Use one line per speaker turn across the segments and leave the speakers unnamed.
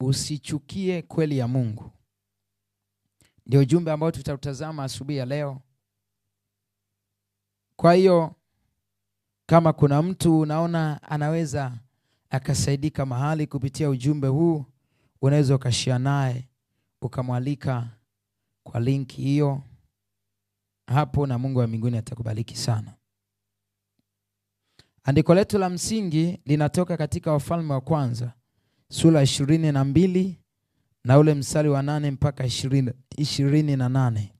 Usichukie kweli ya Mungu. Ndio ujumbe ambao tutautazama asubuhi ya leo. Kwa hiyo kama kuna mtu unaona anaweza akasaidika mahali kupitia ujumbe huu, unaweza ukashia naye ukamwalika kwa linki hiyo hapo, na Mungu wa mbinguni atakubariki sana. Andiko letu la msingi linatoka katika Wafalme wa Kwanza sura ishirini na mbili na ule mstari wa nane mpaka ishirini na nane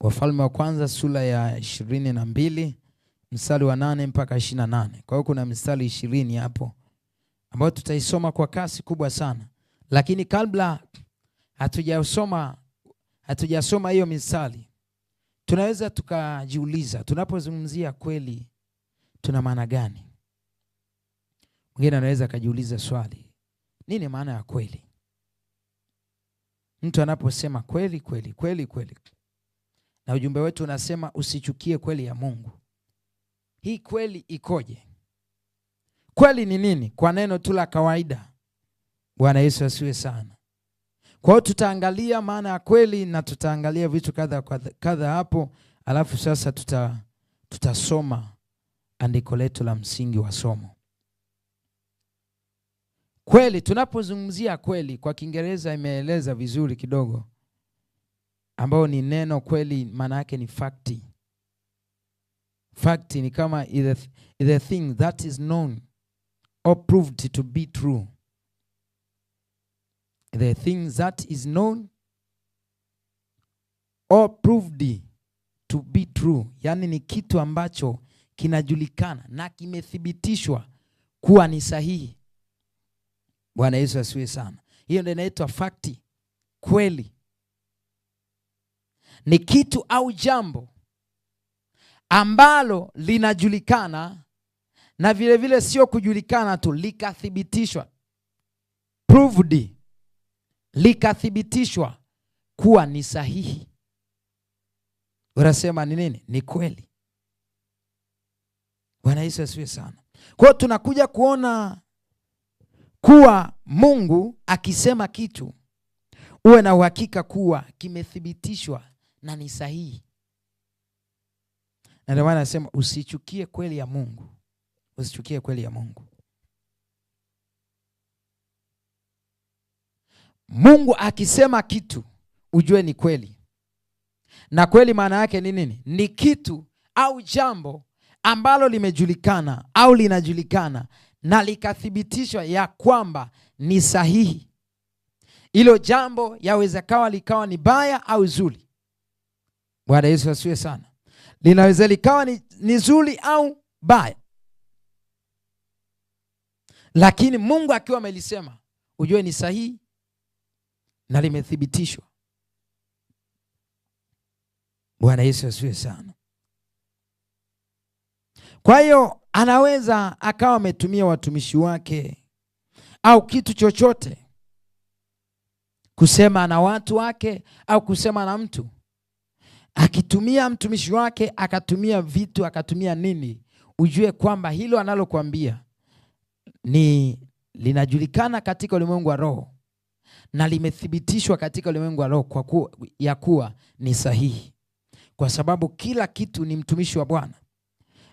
Wafalme wa kwanza sura ya ishirini na mbili mstari wa nane mpaka ishirini na nane Kwa hiyo kuna mstari ishirini hapo ambayo tutaisoma kwa kasi kubwa sana, lakini kabla hatujasoma hatujasoma hiyo mistari, tunaweza tukajiuliza tunapozungumzia kweli tuna maana gani? Mwingine anaweza akajiuliza swali, nini maana ya kweli? Mtu anaposema kweli kweli kweli kweli, na ujumbe wetu unasema usichukie kweli ya Mungu, hii kweli ikoje? Kweli ni nini? Kwa neno tu la kawaida. Bwana Yesu asiwe sana. Kwa hiyo tutaangalia maana ya kweli na tutaangalia vitu kadha kadha hapo, alafu sasa tuta tutasoma andiko letu la msingi wa somo. Kweli, tunapozungumzia kweli, kwa Kiingereza imeeleza vizuri kidogo, ambayo ni neno kweli, maana yake ni fakti. Fakti ni kama the, thing that is known or proved to be true, the thing that is known or proved to be true, yaani ni kitu ambacho kinajulikana na kimethibitishwa kuwa ni sahihi Bwana Yesu asiwe sana. Hiyo ndio inaitwa fakti, kweli. Ni kitu au jambo ambalo linajulikana na vilevile vile sio kujulikana tu, likathibitishwa, proved, likathibitishwa kuwa ni sahihi. Unasema ni nini? Ni kweli. Bwana Yesu asiwe sana. Kwa hiyo tunakuja kuona kuwa Mungu akisema kitu uwe na uhakika kuwa kimethibitishwa na ni sahihi. Na ndio maana anasema usichukie kweli ya Mungu, usichukie kweli ya Mungu. Mungu akisema kitu ujue ni kweli, na kweli maana yake ni nini? Ni kitu au jambo ambalo limejulikana au linajulikana na likathibitishwa ya kwamba ni sahihi, hilo jambo kawa likawa ni baya au zuri. Bwana Yesu asiwe sana. Linaweza likawa ni, ni zuri au baya, lakini Mungu akiwa amelisema ujue ni sahihi na limethibitishwa. Bwana Yesu asiwe sana. Kwa hiyo Anaweza akawa ametumia watumishi wake au kitu chochote kusema na watu wake au kusema na mtu, akitumia mtumishi wake, akatumia vitu, akatumia nini, ujue kwamba hilo analokuambia ni linajulikana katika ulimwengu wa roho na limethibitishwa katika ulimwengu wa roho kwa kuwa, ya kuwa ni sahihi, kwa sababu kila kitu ni mtumishi wa Bwana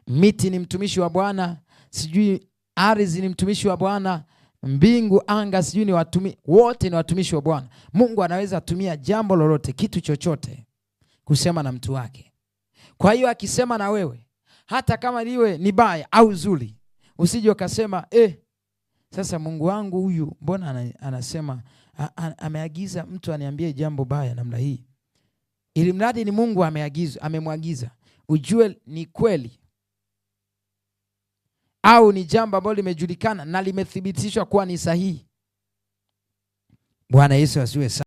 miti ni mtumishi wa Bwana, sijui ardhi ni mtumishi wa Bwana, mbingu, anga, sijui ni watumi, wote ni watumishi wa Bwana. Mungu anaweza tumia jambo lolote, kitu chochote kusema na mtu wake. Kwa hiyo akisema na wewe, hata kama liwe ni baya au zuri, usije ukasema eh, sasa Mungu wangu huyu mbona anasema ameagiza mtu aniambie jambo baya namna hii? Ili mradi ni Mungu ameagiza, amemwagiza, ujue ni kweli au ni jambo ambalo limejulikana na limethibitishwa kuwa ni sahihi. Bwana Yesu asiwe